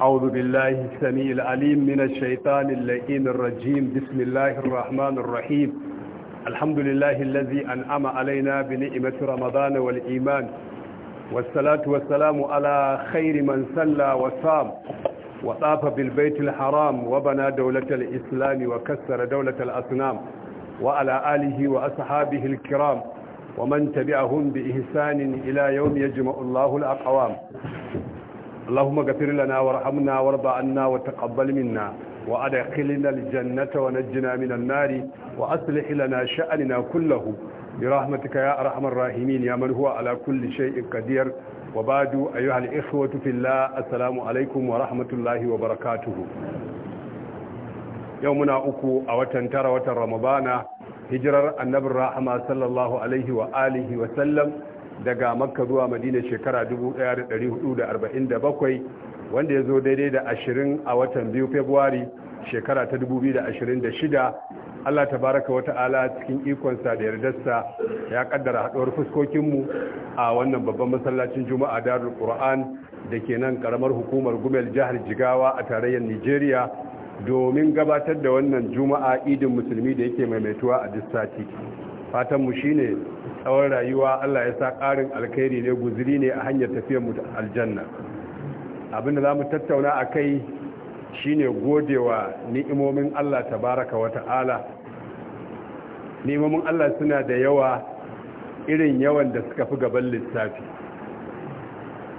أعوذ بالله السميع العليم من الشيطان اللئيم الرجيم بسم الله الرحمن الرحيم الحمد لله الذي أنعم علينا بنعمة رمضان والإيمان والصلاة والسلام على خير من صلى وصام وطاف بالبيت الحرام وبنى دولة الإسلام وكسر دولة الأصنام وعلى آله وأصحابه الكرام ومن تبعهم بإحسان إلى يوم يجمع الله الأقوام اللهم اغفر لنا وارحمنا وارض عنا وتقبل منا وأدخلنا الجنة ونجنا من النار وأصلح لنا شأننا كله برحمتك يا أرحم الراحمين يا من هو على كل شيء قدير وبعد أيها الإخوة في الله السلام عليكم ورحمة الله وبركاته يومنا أكو أوتن ترى وتن رمضان hijirar annabin rahama sallallahu alaihi wa alihi wa sallam daga makka zuwa madina shekara 1447 wanda ya zo daidai da 20 a watan biyu februari shekara ta 2026 allah baraka wata ala cikin ikonsa da yardarsa ya kaddara haduwar fuskokinmu a wannan babban masallacin juma'a darul qur'an da ke nan karamar hukumar gumel jihar jigawa a tarayyar nigeria domin gabatar da wannan juma'a idin musulmi da yake maimaituwa a duk sati fatanmu shi ne tsawon rayuwa Allah ya sa ƙarin alkhairi ne guziri ne a hanyar tafiyar mu aljanna abinda za mu tattauna a kai shi ne godewa ni'imomin Allah tabaraka wa ta'ala ni'imomin Allah suna da yawa irin yawan da suka fi gaban lissafi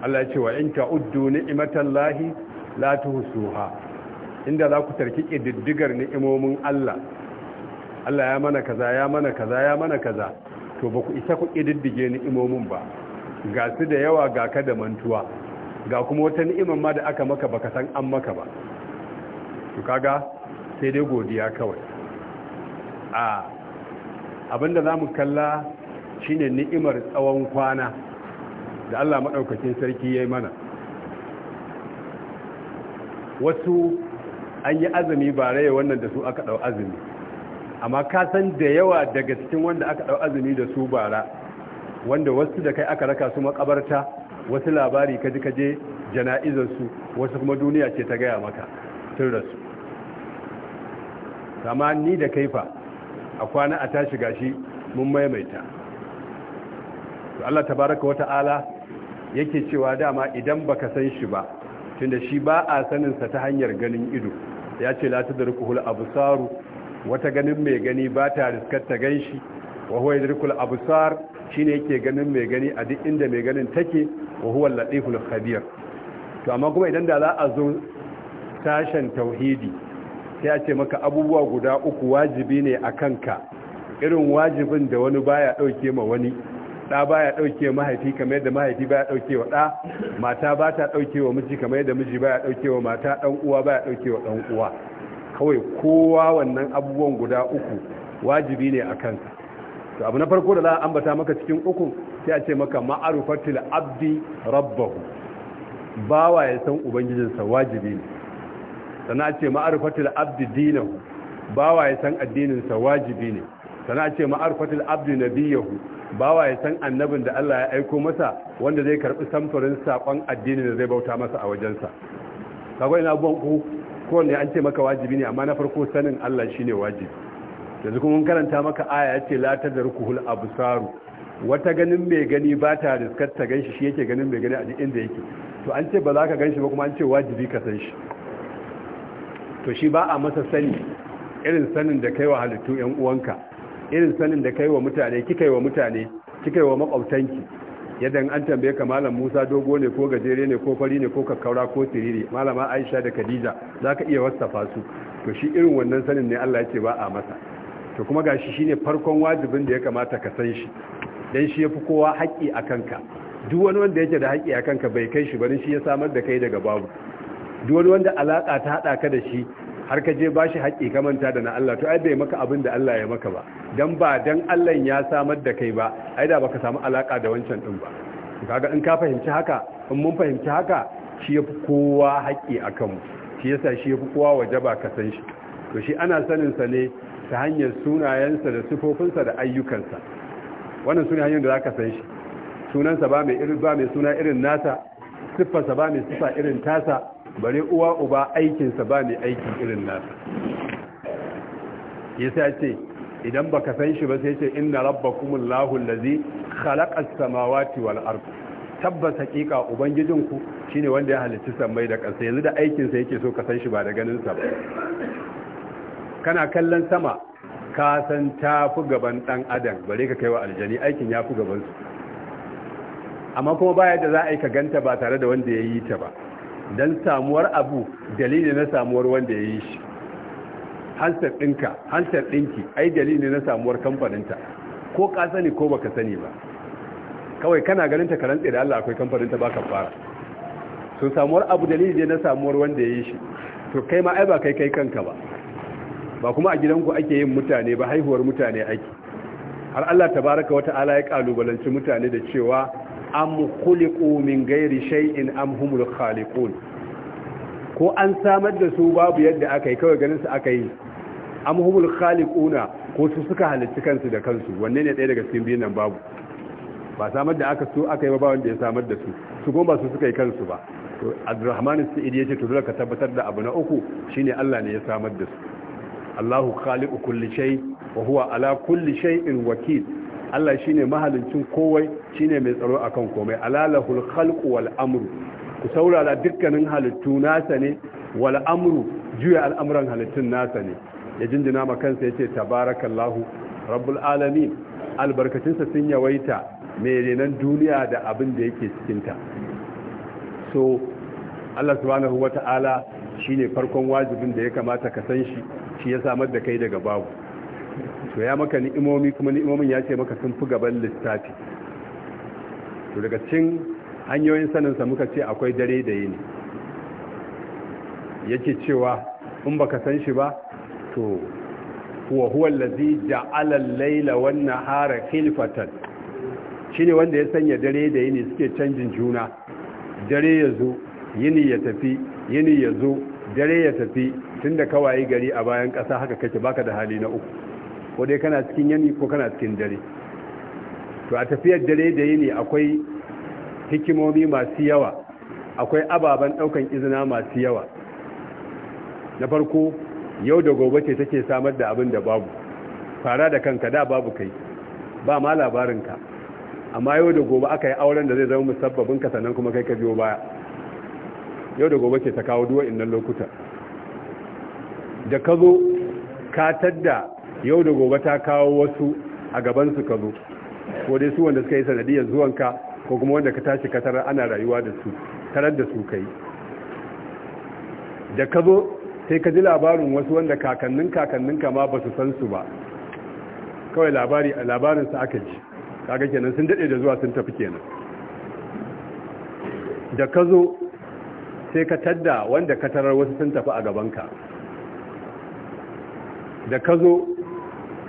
Allah ce wa in ta'uddu ni'imatallahi la tuhsuha inda za ku tarki ƙididdigar ni'imomin Allah Allah ya mana kaza ya mana kaza ya mana kaza to ba ku isa ku ƙididdige ni'imomin ba ga su da yawa ga ka da mantuwa ga kuma wata ni'imar ma da aka maka baka san an maka ba to kaga sai dai godiya kawai a abinda za mu kalla shine ni'imar tsawon kwana da Allah maɗaukacin sarki ya yi mana wasu an yi azumi ba raye wannan da su aka ɗau azumi amma ka san da yawa daga cikin wanda aka ɗau azumi da su bara wanda wasu da kai aka raka su makabarta wasu labari kaji kaje jana'izarsu wasu kuma duniya ce ta gaya maka tun rasu kama ni da kaifa a kwana a tashi gashi mun maimaita Allah tabaraka ala yake cewa dama idan baka san shi ba tunda shi ba a saninsa ta hanyar ganin ido ya ce la tudrikuhul absaru wata ganin mai gani ba ta riskar ta gan shi wa huwa yadrikul absar shine yake ganin mai gani a duk inda mai ganin take wa huwa al-latiful khabir to amma kuma idan da za a zo sashen tauhidi sai a ce maka abubuwa guda uku wajibi ne a kanka irin wajibin da wani baya dauke ma wani da baya dauke mahaifi kamar yadda mahaifi baya dauke wa da mata ba ta dauke wa miji kamar yadda miji baya dauke wa mata dan uwa baya dauke wa dan uwa kawai kowa wannan abubuwan guda uku wajibi ne a kansa to abu na farko da za a ambata maka cikin uku sai a ce maka ma'arufatil abdi rabbahu bawa ya san ubangijinsa wajibi ne sana ce ma'arufatil abdi dinahu bawa ya san addininsa wajibi ne sana ce ma'arufatil abdi nabiyahu bawa ya san annabin da Allah ya aiko masa wanda zai karbi samfurin sakon addinin da zai bauta masa a wajensa kaga ina abubuwan ku kowanne an ce maka wajibi ne amma na farko sanin Allah shi ne wajibi yanzu kuma karanta maka aya ya ce la tadrukuhul absaru wata ganin mai gani ba ta riskar ta ganshi shi yake ganin mai gani a duk inda yake to an ce ba za ka ganshi ba kuma an ce wajibi ka san shi to shi ba a masa sani irin sanin da kai wa halittu yan uwanka irin sanin da kai wa mutane kika yi wa mutane kika yi wa makwabtanki yadda an tambaye ka malam musa dogo ne ko gajere ne ko fari ne ko kakkaura ko tiriri malama aisha da khadija za ka iya wasafa su to shi irin wannan sanin ne allah yake ba a masa to kuma gashi shine farkon wajibin da ya kamata ka san shi dan shi yafi kowa haƙƙi a kanka duk wani wanda yake da haƙƙi a kanka bai kai shi bari shi ya samar da kai daga babu duk wani wanda alaka ta hada ka da shi har ka je bashi haƙƙi ka manta da na Allah to ai bai maka abin da Allah ya maka ba dan ba dan Allah ya samar da kai ba ai da baka samu alaka da wancan din ba kaga in ka fahimci haka in mun fahimci haka shi yafi kowa haƙƙi akan mu shi yasa shi yafi kowa waje ba ka san shi to shi ana sanin sa ne ta hanyar sunayensa da sifofinsa da ayyukansa wannan sune hanyar da zaka san shi sunansa ba mai irin ba mai suna irin nasa siffarsa ba mai siffa irin tasa bare uwa uba aikinsa ba mai aiki irin nasa yasa ce idan baka san shi ba sai ce inna rabbakumul lahu allazi khalaqas samawati wal ard tabbas hakika ubangijinku shine wanda ya halicci samai da ƙasa yanzu da aikin sa yake so ka san shi ba da ganin ba kana kallon sama ka san fi gaban dan adam bare ka kaiwa aljani aikin ya fi gaban amma kuma baya da za a yi ka ganta ba tare da wanda ya yi ta ba don samuwar abu dalili na samuwar wanda ya yi shi hansar ɗinka hansar ɗinki ai dalili na samuwar kamfaninta ko ka sani ko baka sani ba kawai kana ganin takarar da Allah akwai kamfaninta baka fara so samuwar abu dalili na samuwar wanda ya yi shi to kai ma ai ba kai kai kanka ba ba kuma a gidanku ake yin mutane ba haihuwar mutane ake har Allah tabaraka wa ta'ala ya kalubalanci mutane da cewa am khuliqu min ghairi shay'in am humul khaliqun ko an samar da su babu yadda aka kawai ganin su aka yi am humul khaliquna ko su suka halitta kansu da kansu wanne ne ɗaya daga cikin biyan nan babu ba samar da aka so aka ba ba wanda ya samar da su su goma su suka yi kansu ba to Abdurrahman Sa'id yace to dole ka tabbatar da abu na uku shine Allah ne ya samar da su Allahu khaliqu kulli shay wa huwa ala kulli shay'in wakil Allah shi shine mahalincin kowai shi ne mai tsaro a kan komai alalahul khalqu wal amru ku saurara dukkanin halittu nasa ne wal juya al'amuran halittun nasa ne ya jinjina ma kansa yace tabarakallahu rabbul alamin albarkatunsa sun yawaita mai renan duniya da abin da yake cikinta so Allah subhanahu wata'ala ne farkon wajibin da ya kamata ka san shi shi ya samar da kai daga babu to ya maka ni'imomi kuma ni'imomin ya ce maka sun fi gaban lissafi to daga cin hanyoyin saninsa muka ce akwai dare da yini yake cewa in baka san shi ba to huwa huwa da ja'ala laila wannan wan nahara khilfatan shine wanda ya sanya dare da yini suke canjin juna dare ya zo yini ya tafi yini ya zo dare ya tafi tunda kawai gari a bayan ƙasa haka kake baka da hali na uku ko dai kana cikin yini ko kana cikin dare to a tafiyar dare da yi ne akwai hikimomi masu yawa akwai ababen daukan izina masu yawa na farko yau da gobe ce take samar da abin da babu fara da kanka da babu kai ba ma ka. amma yau da gobe aka yi auren da zai zama musabbabin ka sannan kuma kai ka biyo baya yau da gobe ce ta kawo duwa innan lokuta da ka zo ka tadda yau da gobe ta kawo wasu a gabansu ka zo ko dai su wanda suka yi sanadiyar zuwanka ko kuma wanda ka tashi ka tarar ana rayuwa da su tarar da su kai da ka zo sai ka ji labarin wasu wanda kakannin ka ma ba su san su ba kawai labari su aka ji kaga kenan sun dade da zuwa sun tafi kenan da ka zo sai ka tadda wanda ka tarar wasu sun tafi a gaban ka. da ka zo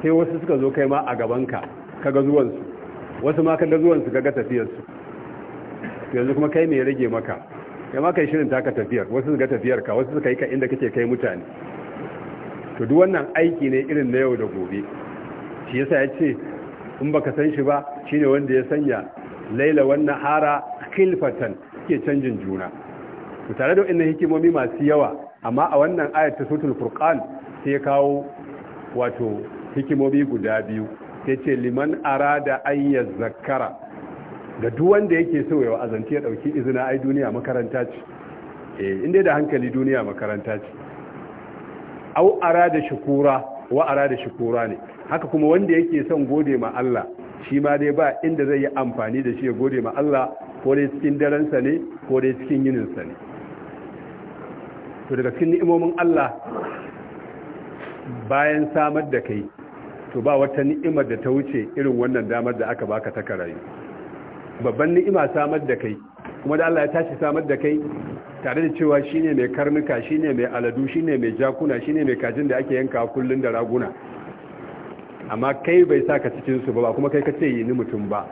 sai wasu suka zo kai ma a gabanka ga zuwansu wasu ma kaga zuwansu kaga tafiyarsu yanzu kuma kai mai rage maka kai ma kai shirin taka tafiyar wasu suka tafiyar ka wasu suka yi ka inda kake kai mutane to duk wannan aiki ne irin na yau da gobe shi yasa ya ce in baka san shi ba shine wanda ya sanya laila wannan hara khilfatan ke canjin juna to tare da wannan hikimomi masu yawa amma a wannan ayat ta suratul furqan sai ya kawo wato hikimomi guda biyu Ta ce liman arada an ya zakara ga duk wanda yake so ya azanci ya dauki izina ai duniya makaranta ce eh, inda da hankali duniya makaranta ce au arada shukura wa arada shukura ne haka kuma wanda yake son gode ma Allah shi ma dai ba inda zai yi amfani da shi ya gode ma Allah ko dai cikin daransa ne ko dai cikin yininsa ne to daga cikin ni'imomin Allah bayan samar da kai to ba wata ni'imar da ta wuce irin wannan damar da aka baka ta karayi babban ni'ima samar da kai kuma da Allah ya tashi samar da kai tare da cewa shine mai karnuka shine mai aladu shine mai jakuna shine mai kajin da ake yanka kullun da raguna amma kai bai saka cikin su ba kuma kai ka ce yi ni mutum ba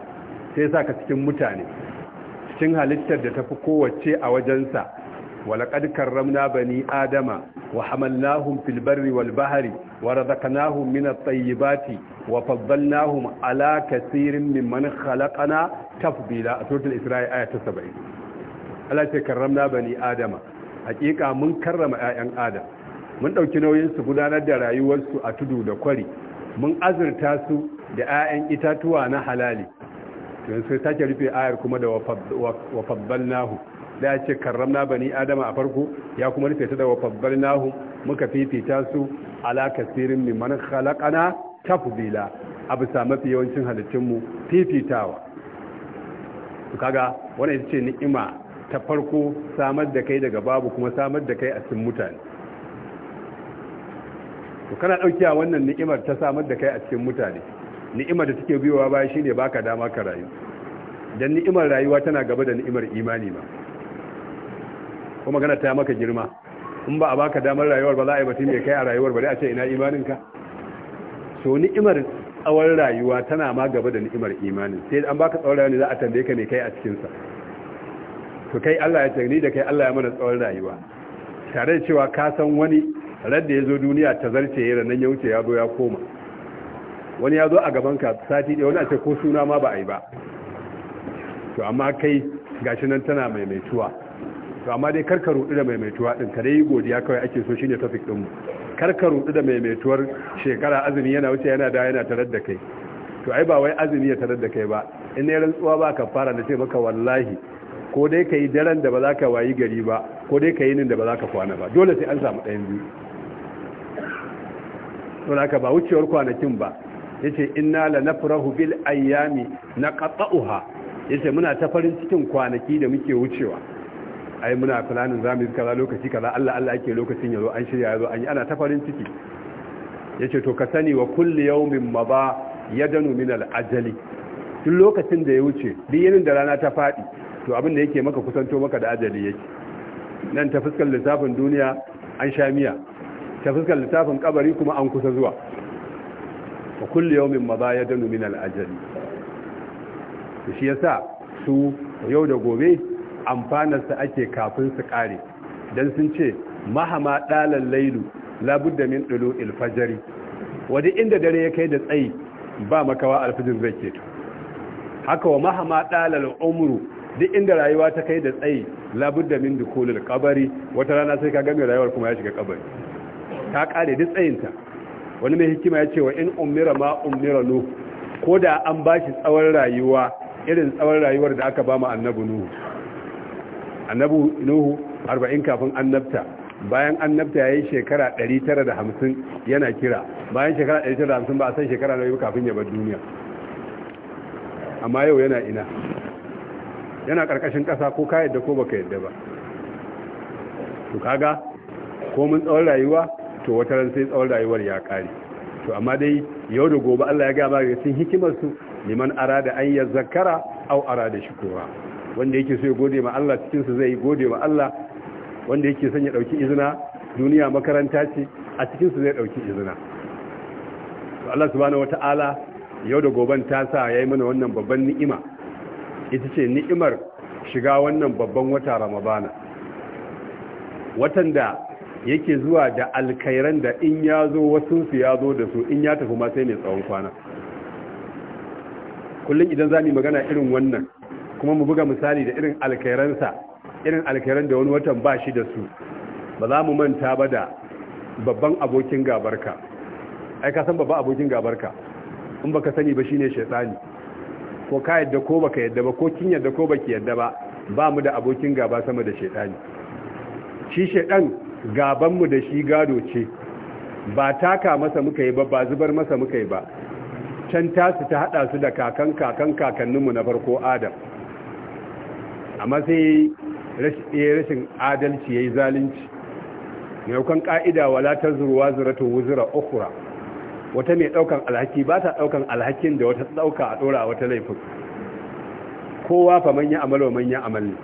sai saka cikin mutane cikin halittar da tafi kowace a wajensa bani adama wa hamalnahum fil barri wal bahri ورزقناهم من الطيبات وفضلناهم على كثير ممن tafbila? تفضيلا سورة الإسراء آية 70 Allah karramna bani Adama hakika mun karrama 'ya'yan Adam mun ɗauki nauyinsu gudanar da rayuwarsu a tudu da kwari mun azurta su da 'ya'yan itatuwa na halali yanzu sai take rufe ayar kuma da nahu. da ya ce karramna bani adama a farko ya kuma rufe ta da nahu muka fifita su ala sirin mimman ta fubila a sa mafi yawancin halittunmu fifitawa su kaga wani ita ce ni'ima ta farko samar da kai daga babu kuma samar da kai a cikin mutane su kana a wannan ni'imar ta samar da kai a cikin mutane ni'imar da suke biyowa baya shine baka dama ka rayu dan ni'imar rayuwa tana gaba da ni'imar imani ma ko magana ta maka girma in ba a baka damar rayuwar ba za a yi batun mai kai a rayuwar ba dai a ce ina imaninka so ni'imar tsawon rayuwa tana ma gaba da ni'imar imanin sai an baka tsawon rayuwa ne za a tambaye ka mai kai a cikinsa to kai Allah ya ni da kai Allah ya mana tsawon rayuwa tare da cewa ka san wani radda ya zo duniya ta zarce ya nan ya wuce ya zo ya koma wani ya zo a gaban ka sati ɗaya wani a ce ko suna ma ba a yi ba to amma kai gashi nan tana maimaituwa to amma dai karka rudu da maimaituwa din ka dai godiya kawai ake so shine topic din mu karka rudu da maimaituwar shekara azumi yana wuce yana da yana tarar da kai to ai ba wai azumi ya tarar da kai ba in ne rantsuwa ba ka fara da ce maka wallahi ko dai ka yi daren da ba za ka wayi gari ba ko dai ka yi nin da ba za ka kwana ba dole sai an samu ɗayan biyu don haka ba wucewar kwanakin ba yace inna ina la na bil ayyami na yace muna ta farin cikin kwanaki da muke wucewa ai muna planning zamu yi kaza lokaci kaza Allah Allah ake lokacin yazo an shirya yazo an yi ana ta farin ciki yace to ka sani wa kulli yawmin maba yadanu min al-ajali duk lokacin da ya wuce duk yinin da rana ta fadi to abin da yake maka kusanto maka da ajali yake nan ta fuskar lissafin duniya an sha miya ta fuskar lissafin kabari kuma an kusa zuwa wa kulli yawmin maba yadanu min al-ajali shi yasa su yau da gobe amfanarsa ake kafin su kare dan sun ce mahama dalal lailu labudda min dulu ilfajari wadi inda dare ya kai da tsayi ba makawa alfajir zai ke haka wa mahama dalal umru duk inda rayuwa ta kai da tsayi labudda min dukulul kabari wata rana sai ka ga rayuwar kuma ya shiga kabari ta kare duk tsayinta wani mai hikima ya ce wa in umira ma umira nu ko da an ba shi tsawon rayuwa irin tsawon rayuwar da aka ba mu annabi nuhu annabu nuhu 40 kafin annabta bayan annabta yi shekara 950 yana kira bayan shekara 950 ba a san shekara nawa kafin ya bar duniya amma yau yana ina yana karkashin kasa ko ka yadda ko baka yadda ba to kaga ko mun tsawon rayuwa to wata ran sai tsawon rayuwar ya kare to amma dai yau da gobe Allah ya ga ba sun hikimar su liman arada an zakara aw arada shukura wanda yake so ya gode ma Allah cikin zai gode ma Allah wanda yake son ya dauki izina duniya makaranta ce a cikin zai dauki izina to Allah subhanahu wataala yau da goban ta sa yayi mana wannan babban ni'ima ita ce ni'imar shiga wannan babban wata ramadana watan da yake zuwa da alkairan da in ya zo wasu su ya zo da su in ya tafi ma sai mai tsawon kwana kullum idan za mu magana irin wannan kuma mu buga misali da irin alkairansa irin alkairan da wani watan ba shi da su ba za mu manta ba da babban abokin gabarka ai ka san babban abokin gabarka in baka sani ba shine shaytani ko ka yadda ko baka yadda ba ko kin yadda ko baki yadda ba ba mu da abokin gaba sama da shaytani shi shaydan gaban mu da shi gado ce ba taka masa muka yi ba ba zubar masa muka yi ba can tasu ta hada su da kakan kakan kakanninmu na farko adam amma sai ya eh, rashin adalci ya yi zalunci maimakon ƙa'ida wala ta zuruwa zuratun wuzura okura wata mai ɗaukan alhaki ba ta ɗaukan alhakin da wata ɗauka a ɗora a wata laifin kowa fa manya amal wa manya amal ne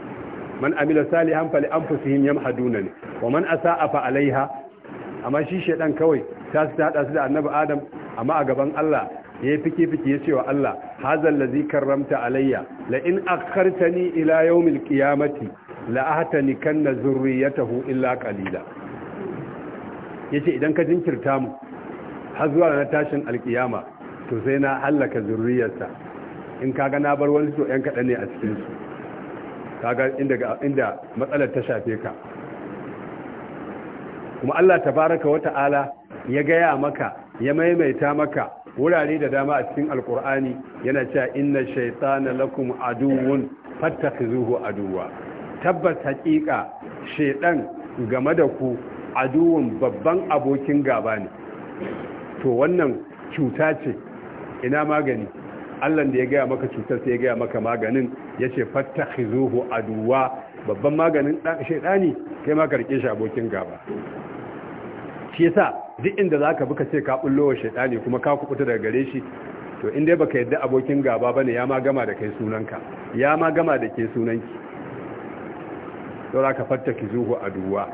man amila salihan fali an fusihim yamha haduna ne wa man sa'a fa alaiha amma shi shaɗan kawai ta su ta haɗa su da annabi adam amma a gaban allah ya fiki fiki ya ce wa Allah hazal ladhi karramta alayya la in akhartani ila yawmil qiyamati la ahtani kanna zurriyatahu illa qalila yace idan ka jinkirta mu har zuwa na tashin alkiyama to sai na hallaka zurriyarsa in kaga na bar wani to yan kaɗan ne a cikin su kaga inda matsalar ta shafe ka kuma Allah tabaraka wata ala ya gaya maka ya maimaita maka wurare da dama a cikin alkur'ani yana cewa inna shaytana lakum aduwun fattakhizuhu aduwa. tabbas haƙiƙa shaiɗan, game da ku aduwun babban abokin gaba ne to wannan cuta ce ina magani Allah da ya gaya maka cutar sai ya gaya maka maganin ya ce fattakhizuhu aduwa, babban maganin ne? kai ma karke shi abokin gaba shi yasa duk inda zaka bi ka ce ka bullo wa shaytani kuma ka kubuta daga gare shi to in dai baka yadda abokin gaba bane ya ma gama da kai sunanka ya ma gama da ke sunanki saura ka fatta ki zuhu a duwa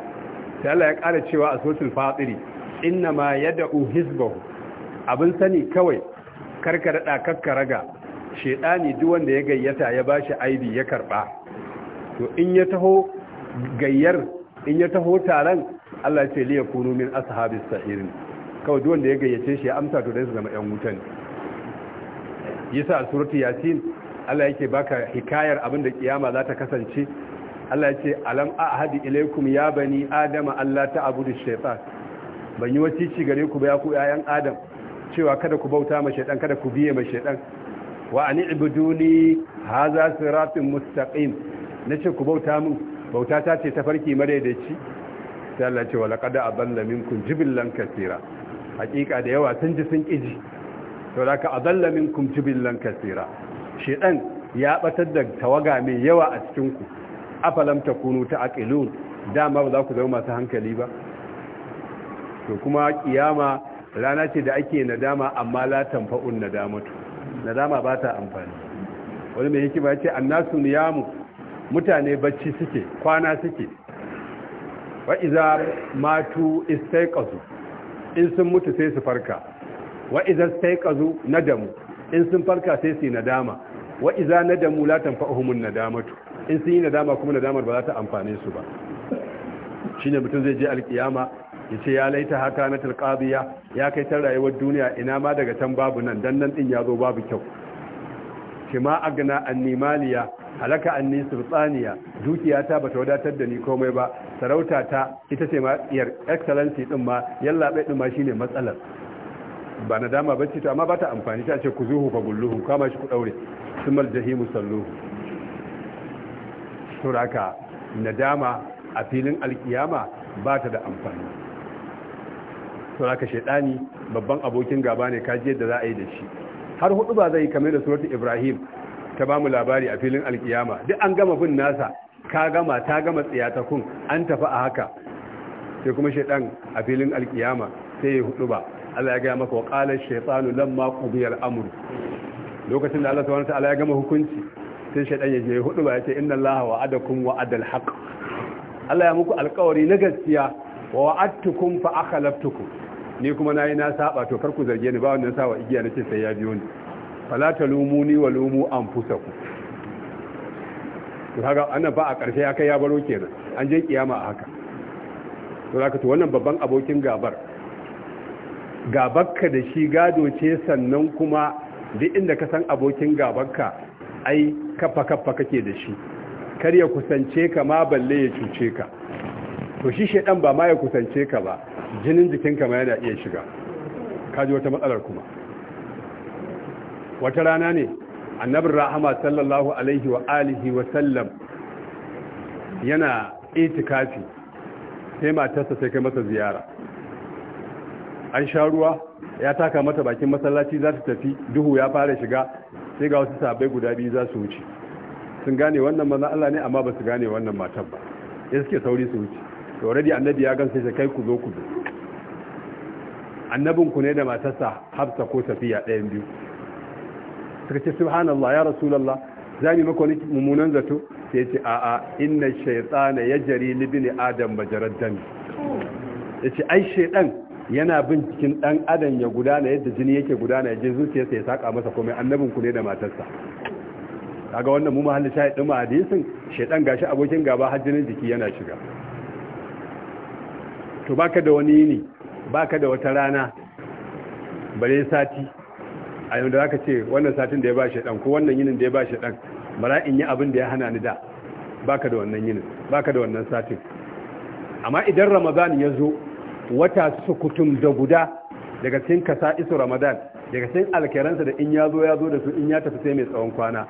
sai Allah ya ƙara cewa a sotul fatiri inna ma yad'u hizbahu abin sani kawai karka daɗa kakka raga duk ya gayyata ya bashi aibi ya karba to in ya taho gayyar in ya taho taron Allah ya ce liya kunu min ashabis sa'ir kawai duk wanda ya gayyace shi ya amsa to dai su zama yan wutan yasa surati yasin Allah yake baka hikayar abin da kiyama za ta kasance Allah ya ce alam ahadi ilaikum ya bani adama Allah ta'budu shaytan ban yi wasici gare ku ba ku yayan adam cewa kada ku bauta ma shaytan kada ku biye ma shaytan wa ani ibuduni hadha siratun mustaqim nace ku bauta min bauta ce ta farki madaidaici sai Allah ce wala kada adalla minkum jibillan kaseera hakika da yawa sun ji sun kiji to da ka adalla minkum jibillan kaseera shedan ya batar da tawaga mai yawa a cikin ku afalam takunu ta'qilun dama ba za ku zama masu hankali ba to kuma kiyama rana ce da ake nadama amma la tanfa'un nadamatu nadama ba ta amfani wani mai hikima ya ce annasu niyamu mutane bacci suke kwana suke Wa'iza iza matu istaiqazu in sun mutu sai su farka wa iza istaiqazu nadamu in sun farka sai su nadama wa iza nadamu la tanfa'uhum nadamatu in sun yi nadama kuma nadamar ba za ta amfane su ba shine mutum zai je alkiyama ya ce ya laita haka na tilkaziya ya kai ta rayuwar duniya ina ma daga can babu nan dan nan din ya zo babu kyau shi ma agna annimaliya halaka an ni sultaniya dukiyata bata wadatar da ni komai ba sarauta ta ita ce ma yar excellency din ma yalla bai din ma shine matsalar ba nadama bace to amma ba ta amfani ta ce kuzuhu fa gulluhu kama shi ku daure sumal jahimu salluhu suraka nadama a filin alkiyama ba ta da amfani suraka shedani babban abokin gaba ne kaji yadda za a yi da shi har hudu ba zai kamar da suratul ibrahim ta ba mu labari a filin alkiyama duk an gama bin nasa ka gama ta gama kun an tafi a haka sai kuma shaidan a filin alkiyama sai ya hudu ba Allah ya gaya maka wa qala shaitanu lan ma kubiyar amuru lokacin da Allah ta Wani ta'ala ya gama hukunci sai shaidan ya je hudu ba ya ce inna wa wa'adakum wa adal haq Allah ya muku alƙawari na gaskiya wa wa'adtukum fa akhlaftukum ni kuma nayi na saba to kar ku zarge ni ba wannan sawa igiya nace sai ya biyo ni falata ne wa lumu ku. to haka annan ba a ƙarshe ya kai ya baro kenan an je kiyama a haka to haka to wannan babban abokin gabar gabarka da shi gado ce sannan kuma duk inda ka san abokin gabarka ai kafa kafa kake da shi kar ya kusance ka ma balle ya cuce ka to shi shedan ba ma ya kusance ka ba jinin jikinka ma yana iya shiga kaji wata matsalar kuma wata rana ne annabin rahama sallallahu alaihi wa alihi wa sallam yana itikafi sai matarsa sai kai masa ziyara an sha ruwa ya taka mata bakin masallaci za ta tafi duhu ya fara shiga sai ga wasu sabai guda biyu za su wuce sun gane wannan maza Allah ne amma ba su gane wannan matar ba ya suke sauri su wuce to already annabi ya gansu sai kai ku zo ku zo annabin ku ne da matarsa Hafsa ko Safiya ɗayan biyu suka ce subhanallah ya rasulallah zani maka wani mummunan zato sai ce a inna shaytana yajri li ibn adam bajarad dami yace ai shaydan yana bin cikin dan adam ya gudana yadda jini yake gudana yaje zuciyarsa ya saka masa komai annabin ku ne da matarsa kaga wannan mu mahallin shahid din hadisin shaydan gashi abokin gaba har jinin jiki yana shiga to baka da wani ne baka da wata rana bare sati a yau da ka ce wannan satin da ya ba shi dan ko wannan yinin da ya ba shi dan bara in yi abin da ya hana ni da baka da wannan yinin baka da wannan satin amma idan ramadan ya zo wata sukutum da guda daga cikin kasa isu ramadan daga cikin alkeransa da in ya zo ya zo da su in ya tafi sai mai tsawon kwana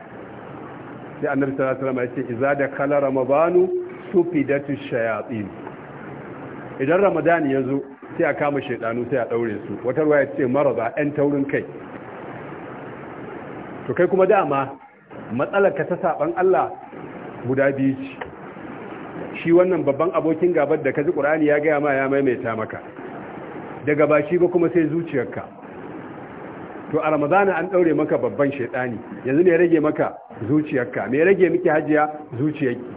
sai annabi sallallahu alaihi wasallam ya ce iza da kala ramadanu sufidatu shayatin idan ramadan ya zo sai a kama shaidanu sai a daure su wata ruwaya ce maraba ɗan taurin kai to kai kuma dama matsalar ka ta saban Allah guda biyu ce shi wannan babban abokin gabar da ka ji ƙura'ani ya gaya ma ya maimaita maka daga ba shi ba kuma sai zuciyarka to a ramadana an ɗaure maka babban shaiɗani yanzu ne rage maka zuciyarka me rage miki hajiya zuciyarki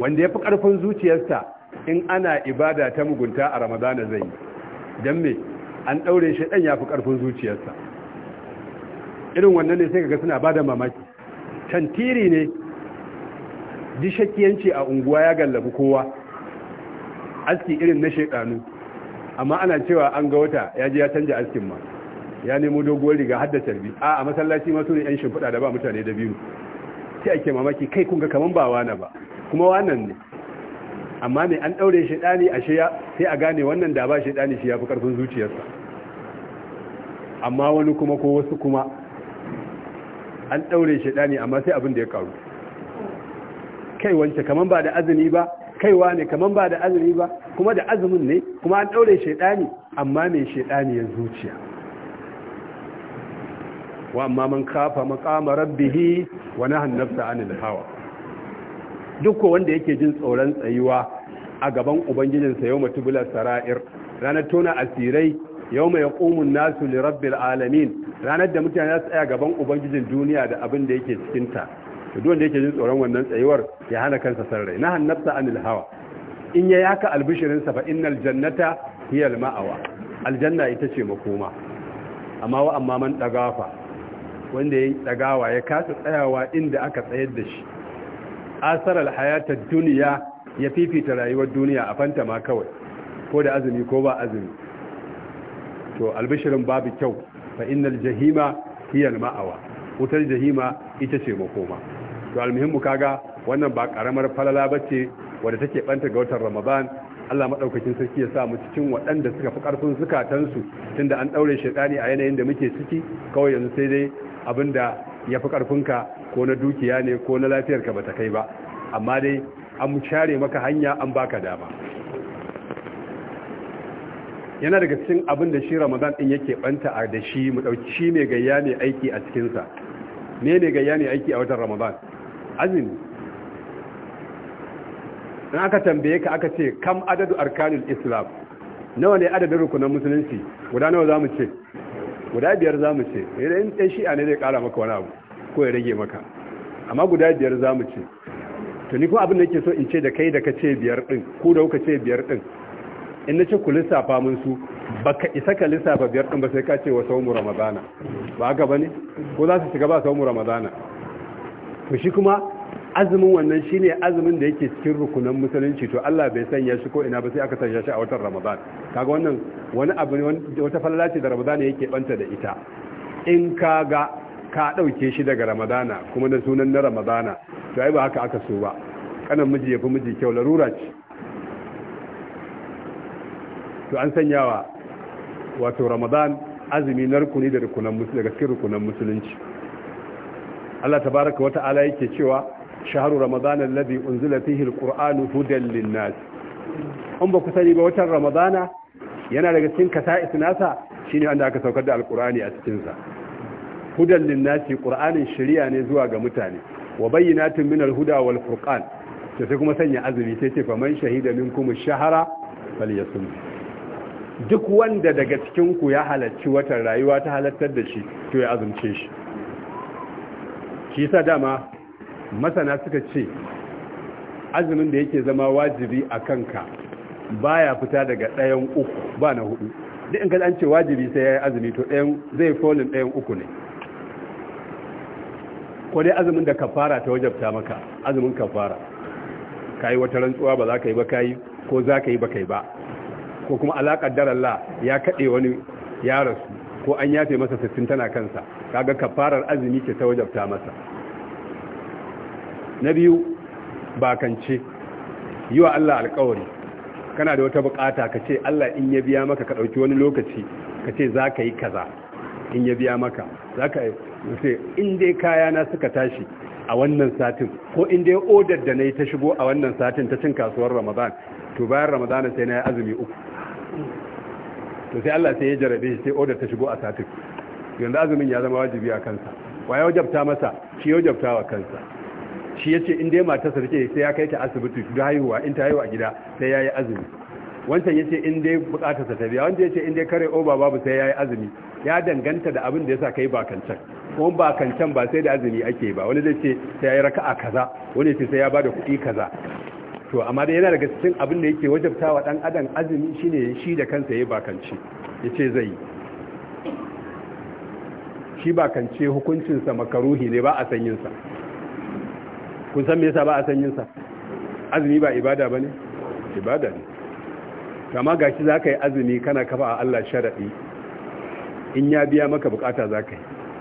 wanda ya fi ƙarfin zuciyarsa in ana ibada ta mugunta a ramadana zai yi don me an ɗaure shi ya fi ƙarfin zuciyarsa irin wannan ne sai kaga suna bada mamaki tantiri ne dishakiyanci a unguwa ya gallabi kowa aski irin na shekanu amma ana cewa an ga wata ya ji ya canja askin ma ya nemo doguwar riga har da tarbi a a masallaci ma ne yan shimfiɗa da ba mutane da biyu sai ake mamaki kai kunga kamar kaman ba wana ba kuma wannan ne amma ne an ɗaure shaidani a shiya sai a gane wannan da ba shaidani shi ya fi ƙarfin zuciyarsa amma wani kuma ko wasu kuma an ɗaure ne amma sai abin da ya karu kai wance kaman ba da azumi ba kaiwa ne kaman ba da azumi ba kuma da azumin ne kuma an ɗaure ne amma mai ne ya zuciya wa amma man kafa maqama rabbih wa nahan nafsa anil hawa duk wanda yake jin tsoron tsayuwa a gaban ubangijinsa yau matubula sara'ir ranar tona asirai yau mai ƙumun nasu lirabbil alamin ranar da mutane za su tsaya gaban ubangijin duniya da abin da yake cikinta to duk yake jin tsoron wannan tsayuwar ya hana kansa san rai na hannabta anil hawa in ya yaka albishirin sa fa innal jannata hiya al ma'awa aljanna ita ce makoma amma wa amma man dagafa wanda ya dagawa ya kasa tsayawa inda aka tsayar da shi asar al hayata dunya ya fifita rayuwar duniya a fanta ma kawai ko da azumi ko ba azumi to albishirin babu kyau fa innal jahima hiya ma'awa wutar jahima ita ce makoma to almuhimmu kaga wannan ba karamar falala bace wanda take banta ga watan ramadan Allah madaukakin sarki ya sa mu cikin waɗanda suka fi karfin zukatansu tunda an daure shedani a yanayin da muke ciki kawai yanzu sai dai abinda ya fi karfinka ko na dukiya ne ko na lafiyarka bata kai ba amma dai an share maka hanya an baka dama yana daga cikin abin da shi ramadan din yake banta a da shi mu dauki shi mai gayya mai aiki a cikinsa me ne ne gayya mai aiki a watan ramadan azumi dan aka tambaye ka aka ce kam adadu arkanul islam nawa ne adadin rukunan musulunci guda nawa za mu ce guda biyar za mu ce eh, in ɗan shi'a ne zai kara maka wani abu ko ya rage maka amma guda biyar za mu ce to ni kuma abin da yake so in ce da kai da ka ce biyar ɗin ku da kuka ce biyar ɗin. in na ce ku lissafa mun su baka isa ka lissafa biyar ɗin ba sai ka ce wa saumu ramadana ba haka ba ne ko za su shiga ba saumu ramadana to shi kuma azumin wannan shine azumin da yake cikin rukunan musulunci to Allah bai sanya shi ko ina ba sai aka sanya shi a watan ramadana kaga wannan wani abu ne wata falala ce da Ramadana yake banta da ita in ka ga ka ɗauke shi daga ramadana kuma da sunan na ramadana to ai ba haka aka so ba kanan miji yafi miji kyau larura ce to an sanyawa wato ramadan azumi na rukuni da rukunan musulunci daga cikin rukunan musulunci Allah tabaraka wa ta'ala yake cewa shahru ramadan alladhi unzila fihi alqur'anu hudan linnas an ba ku sani ba watan ramadana yana daga cikin kasa'is nasa shine wanda aka saukar da alqur'ani a cikin sa hudan linnasi qur'anin shari'a ne zuwa ga mutane wa bayyinatun min alhuda wal furqan sai kuma sanya azumi sai ce faman shahida minkum ash-shahra falyasum duk wanda daga cikinku ya halarci watan rayuwa ta halartar da shi to ya azumce shi shi sa dama masana suka ce azumin da yake zama wajibi a kanka baya fita daga ɗayan uku ba na hudu duk in ka wajibi sai ya yi azumi to ɗayan zai folin ɗayan uku ne ko dai azumin da kafara ta wajabta maka azumin kafara ka yi wata rantsuwa ba za ka yi ba ka yi ko za ka yi ba ka yi ba ko kuma alaƙar darallah ya kaɗe wani yarasu ko an yafe masa sassin tana kansa kaga kafarar azumi ce ta wajabta masa na biyu bakance yi wa Allah alƙawari kana da wata bukata ka ce Allah in ya biya maka ka ɗauki wani lokaci ka ce za ka yi kaza in ya biya maka za ka yi in dai kayana suka tashi a wannan satin ko in dai odar da na yi ta shigo a wannan satin ta cin kasuwar ramadan to bayan ramadan sai na yi azumi uku to sai Allah sai ya jarabe shi sai order ta shigo a satik yanzu azumin ya zama wajibi a kansa wa ya wajabta masa shi ya wajabta wa kansa shi ya ce in dai matarsa take sai ya kai ta asibiti da haihuwa in ta haihuwa gida sai ya yi azumi wancan ya ce in dai bukatarsa ta biya wanda ce in dai kare oba babu sai ya yi azumi ya danganta da abin da ya sa kai ba kancan kuma ba kancan ba sai da azumi ake ba wani zai ce sai raka raka'a kaza wani ce sai ya da kuɗi kaza to amma da yana daga cikin abin da yake wajabtawa dan adam azumi shine shi da kansa yayi bakanci yace zai shi bakance hukuncin sa makaruhi ne ba a san sa kun san me yasa ba a san sa azumi ba ibada bane ibada ne kama gashi zaka yi azumi kana kafa a Allah sharadi in ya biya maka bukata zaka yi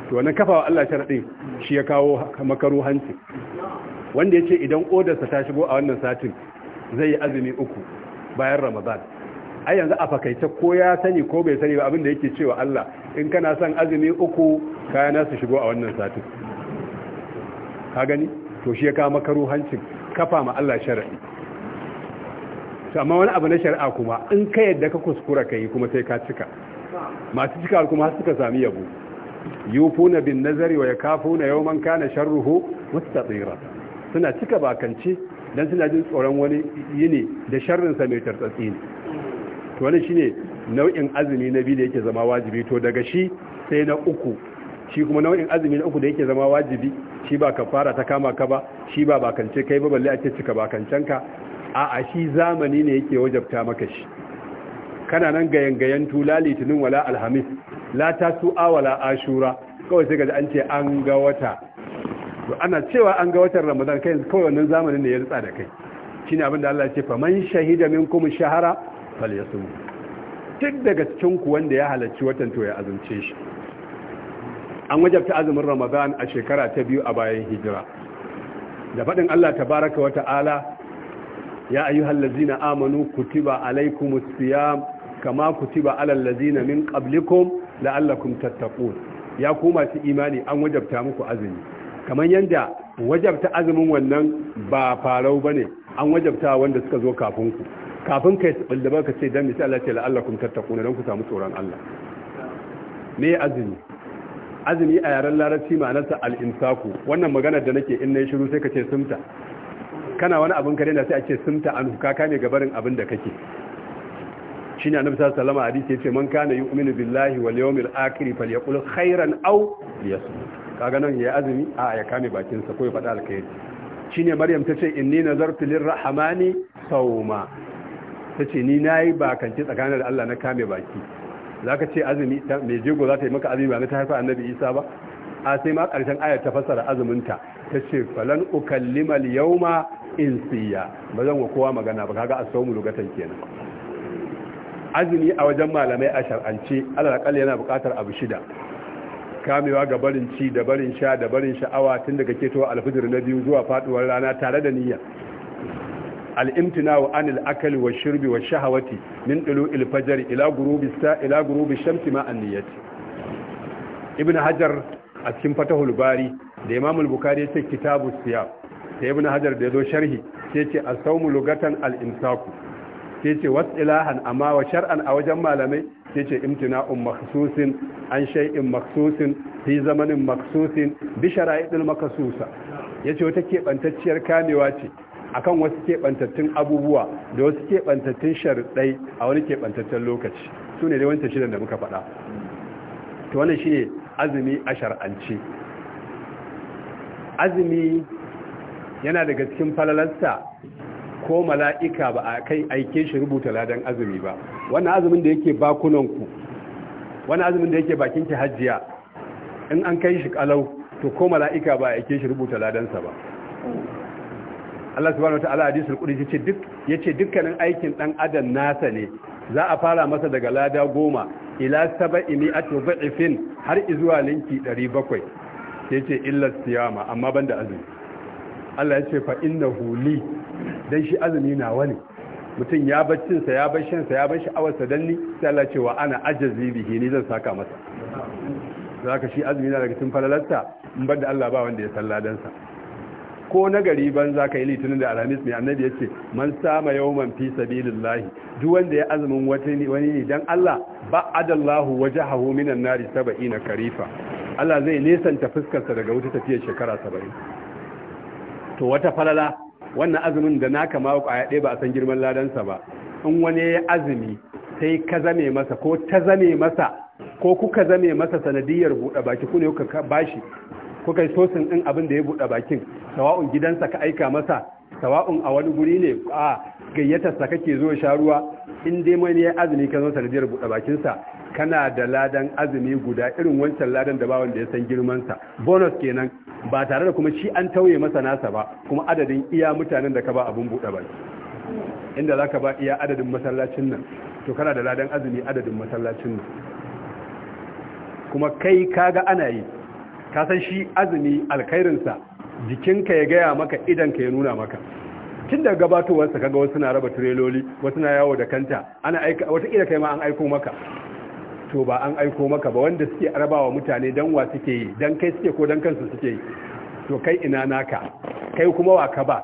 to wannan kafa wa Allah sharadi shi ya kawo makaruhanci wanda ya ce idan odarsa ta shigo a wannan satin zai yi azumi uku bayan ramadan a yanzu a fakaita ko ya sani ko bai sani ba abinda yake cewa Allah in kana son azumi uku kayana su shigo a wannan satin ka gani to shi ya kama karu hancin kafa ma Allah to amma wani abu na shari'a kuma in ka yadda ka kuskura ka yi kuma sai ka cika masu cika kuma har suka sami yabo yufuna bin nazari wa yakafuna yawman kana sharruhu mustatira suna cika bakance don suna jin tsoron wani yini da sharrinsa mai tartsatsi ne to wani shine nau'in azumi na biyu da yake zama wajibi to daga shi sai na uku shi kuma nau'in azumi na uku da yake zama wajibi shi ba ka fara ta kama ka ba shi ba bakance kai ba balle ake ce cika bakancenka a a shi zamani ne yake wajabta maka shi kana nan gayan gayan tula litinin wala alhamis la tasu wala ashura kawai sai ga an ce an ga wata to ana cewa an ga watan ramadan kai kawai wannan zamanin ne ya ritsa da kai shine abin da Allah ya ce fa man shahida minkum shahara falyasum duk daga cikin ku wanda ya halarci watan to ya azumce shi an wajabta azumin ramadan a shekara ta biyu a bayan hijira da faɗin Allah tabaraka wa ta'ala ya ayyuhal ladzina amanu kutiba alaykumus siyam kama kutiba alal ladzina min qablikum la'allakum tattaqun ya kuma su imani an wajabta muku azumi kamar yadda wajabta azumin wannan ba farau ba ne an wajabta wanda suka zo kafin ku kafin kai da ka ce don misali Allah ce tattaku tattaquna don ku samu tsoron Allah me azumi azumi a yaren larabci ma'anarsa al wannan maganar da nake in nayi shiru sai ka ce sumta kana wani abin kare na sai a ce sumta an huka ka ne gabarin abin da kake shi ne sallallahu salama wasallam hadisi ce man kana umini billahi wal yawmil akhir falyaqul khairan aw liyasmut kaga nan yayi azumi a ya kame bakin sa ko ya fada alkhairi shine maryam tace inni nazartu lirrahmani sawma tace ni nayi bakanci tsakanin Allah na kame baki zaka ce azumi me jego za ta yi maka azumi ba ta haifa annabi Isa ba a sai ma karshen ayar ta fassara azuminta tace falan ukallima alyawma in insiya ba zan wa kowa magana ba kaga asawmu lugatan kenan azumi a wajen malamai a shar'ance alal yana bukatar abu shida kamewa ga barin ci da barin sha da barin sha'awa tun daga ketowa alfijir na biyu zuwa faduwar rana tare da niyya al'imtina wa anil akali wa shirbi wa shahawati min ɗulu ilfajar ila gurubi shamsi ma an niyyati ibn hajar a cikin fatahul bari da imam bukari ya ce kitabu siya da ibn hajar da ya zo sharhi sai ce a saumu lugatan al'imsaku sai ce wasu ilahan amma wa shar'an a wajen malamai sai ce imtina'un makhsusin an shay'in makhsusin fi zamanin makhsusin bi shara'idil makasusa yace wata kebantacciyar kamewa ce akan wasu kebantattun abubuwa da wasu kebantattun sharidai a wani kebantaccen lokaci sune ne dai wancan shirin da muka faɗa to wannan shine azumi a shar'ance azumi yana daga cikin falalarsa ko mala'ika ba a kai aike shi rubuta ladan azumi ba wani azumin da yake bakunanku wani azumin da yake bakinki hajjiya in an kai shi kalau to ko mala'ika ba a aike shi rubuta ladansa ba Allah subhanahu wataala hadisul qudsi yace duk yace dukkanin aikin dan adam nasa ne za a fara masa daga lada goma ila sab'i mi'ati dhifin har izuwa linki 700 yace illa siyama amma banda azumi Allah yace fa innahu li dan shi azumi nawa ne mutum ya baccin sa ya bashin sa ya bar sha'awar sa dan ni sai Allah ce ana ajazi bihi ni zan saka masa zaka shi azumi na daga tun falalarsa in bar da Allah ba wanda ya salla dan sa ko na gari ban za ka yi litinin da alhamis mai annabi ya ce man sama yawman fi sabilillahi duk wanda ya azumin wani ne dan Allah ba adallahu wajahahu minan nari 70 karifa Allah zai nesanta fuskarsa daga wuta tafiyar shekara 70 to wata falala wannan azumin da na ma a ɗaya ba a san girman ladansa ba in wani ya azumi sai ka zame masa ko ta zame masa ko kuka zame masa sanadiyar buɗe baki ku ne kuka bashi kuka yi sosin ɗin abin da ya buɗe bakin sawa'un gidansa ka aika masa sawa'un a wani guri ne a gayyatarsa kake zo sha ruwa in dai mai ne ya azumi ka zo sanadiyar buɗe bakinsa kana da ladan azumi guda irin wancan ladan da ba wanda ya san girmansa bonus kenan ba tare da kuma shi an tauye masa nasa ba kuma adadin iya mutanen da ka ba abun buɗe ba inda za ka ba iya adadin masallacin nan to kana da ladan azumi adadin masallacin nan kuma kai kaga ana yi ka san shi azumi alkhairinsa jikinka ya gaya maka idanka ya nuna maka tun da gabatowarsa kaga wasu na raba tireloli wasu na yawo da kanta ana aika wata kai ma an aiko maka to ba an aiko maka ba wanda suke arabawa mutane dan wa suke yi dan kai suke ko dan kansu suke yi to kai ina naka kai kuma wa ka ba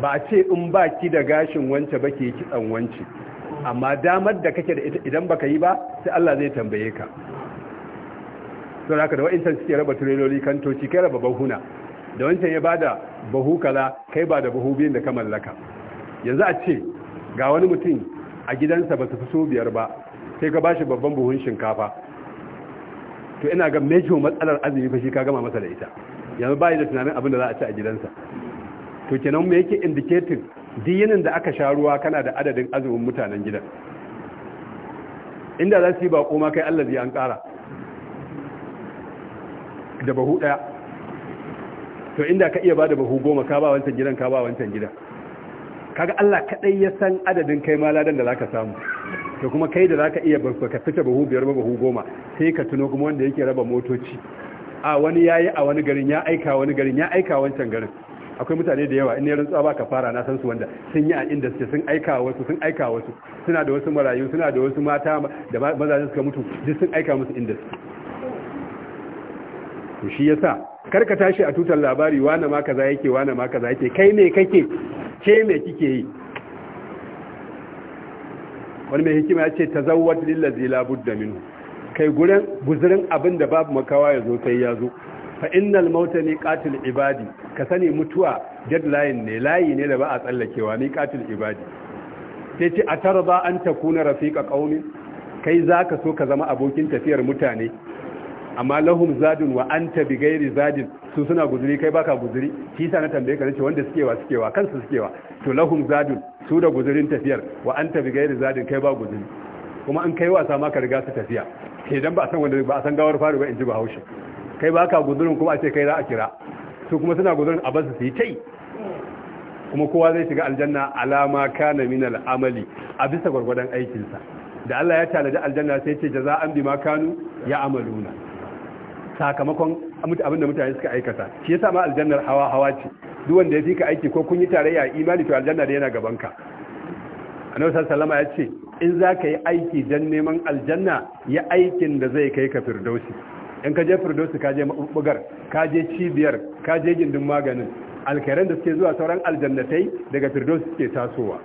ba a ce in ba ki da gashin wance ba ke kitsan wance amma damar da kake da ita idan baka yi ba sai Allah zai tambaye ka to haka da wa'incan suke raba tireloli kantoci kai raba bahuna da wancan ya bada bahu kaza kai ba da bahu biyun da ka mallaka yanzu a ce ga wani mutum a gidansa ba su fi so biyar ba sai ka bashi babban buhun shinkafa to ina ga mejo matsalar azumi fa shi ka gama masa da ita yanzu bai da tunanin abin da za a ci a gidansa to kenan me yake indicating diyinin da aka sha ruwa kana da adadin azumin mutanen gidan inda za su yi bako ma kai Allah allazi an kara da bahu daya to inda ka iya bada bahu goma ka ba wancan gidan ka ba wancan gidan kaga Allah kadai ya san adadin kai ma ladan da zaka samu to kuma kai da zaka iya baka fita bahu biyar ba bahu goma sai ka tuno kuma wanda yake raba motoci a wani yayi a wani garin ya aika wani garin ya aika wancan garin akwai mutane da yawa in ne rantsuwa baka fara na san su wanda sun yi a inda suke sun aika wasu sun aika wasu suna da wasu marayu suna da wasu mata da mazajen suka mutu duk sun aika musu inda su to shi yasa karka tashi a tutar labari wane ma kaza yake wane ma kaza yake kai me kake ke me kike yi wani mai hikima ya ce ta tazawwad lillazi la budda minhu kai gurin guzurin abin da babu makawa ya zo sai ya zo fa innal mauta ni qatil ibadi ka sani mutuwa deadline ne layi ne da ba a tsallakewa ni qatil ibadi sai ce atarda an takuna rafiqa qaumi kai zaka so ka zama abokin tafiyar mutane amma lahum zadun wa anta bi ghairi zadin su suna guzuri kai baka guzuri shi sa na tambaye ka nace wanda suke wa suke wa kansu suke wa to lahum zadun su da guzurin tafiyar wa anta bi ghairi zadin kai ba guzuri kuma an kai wasa ma ka riga su tafiya ke dan ba san wanda ba san gawar faru ba inji ba haushi kai baka guzurin kuma a ce kai za a kira su kuma suna guzurin a basu su yi tai kuma kowa zai shiga aljanna alama kana min amali a bisa gwargwadon aikinsa da Allah ya tanaji aljanna sai ce jaza'an bima kanu ya amaluna sakamakon abin da mutane suka aikata shi yasa ma aljannar hawa hawa ce duk wanda ya ka aiki ko kun yi tarayya imani to aljanna da yana gaban ka annabi sallallahu ya ce in zaka yi aiki dan neman aljanna ya aikin da zai kai ka firdausi in ka je firdausi ka je mabugar ka je cibiyar ka je gindin maganin alkhairan da suke zuwa sauran aljannatai daga firdausi suke tasowa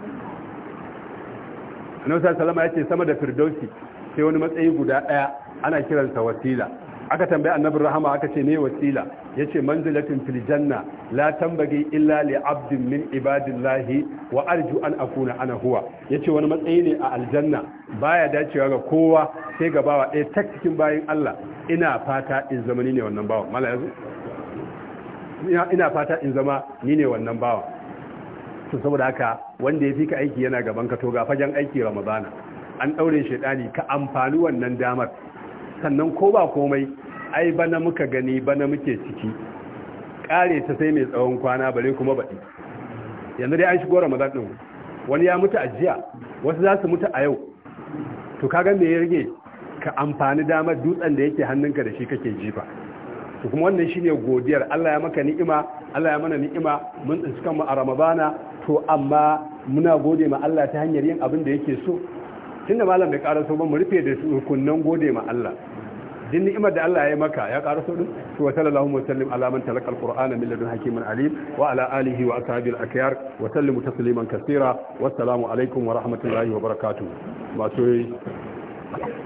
annabi sallallahu ya ce sama da firdausi sai wani matsayi guda ɗaya ana kiransa wasila aka tambaye Annabi rahama aka ce ne wasila ce manzilatin fil janna la tambagi illa li abdin min ibadillahi wa arju an akuna ana huwa yace wani matsayi ne a aljanna baya dacewa ga kowa sai ga bawa ɗaya tak cikin bayin Allah ina fata in zama ni ne wannan bawa mala yazo ina fata in zama ni ne wannan bawa to saboda haka wanda ya ka aiki yana gaban ka to ga fagen aiki ramadana an daure shedani ka amfani wannan damar sannan ko ba komai ai bana muka gani bana muke ciki kare ta sai mai tsawon kwana bare kuma baɗi yanzu dai an shigo ramadan ɗin wani ya mutu a jiya wasu za su mutu a yau to kaga me ya rage ka amfani damar dutsen da yake hannunka da shi kake jifa to kuma wannan shine godiyar Allah ya maka ni'ima Allah ya mana ni'ima mun tsinci kanmu a Ramadana to amma muna gode ma Allah ta hanyar yin abin da yake so tunda malam bai karaso ba mu rufe da rukunnan gode ma Allah din ni'imar da Allah ya yi maka ya karaso din to wa sallallahu wa sallim ala man talaka alqur'ana min ladun hakimin alim wa ala alihi wa ashabil akyar wa sallimu tasliman kaseera wassalamu alaikum wa rahmatullahi wa barakatuh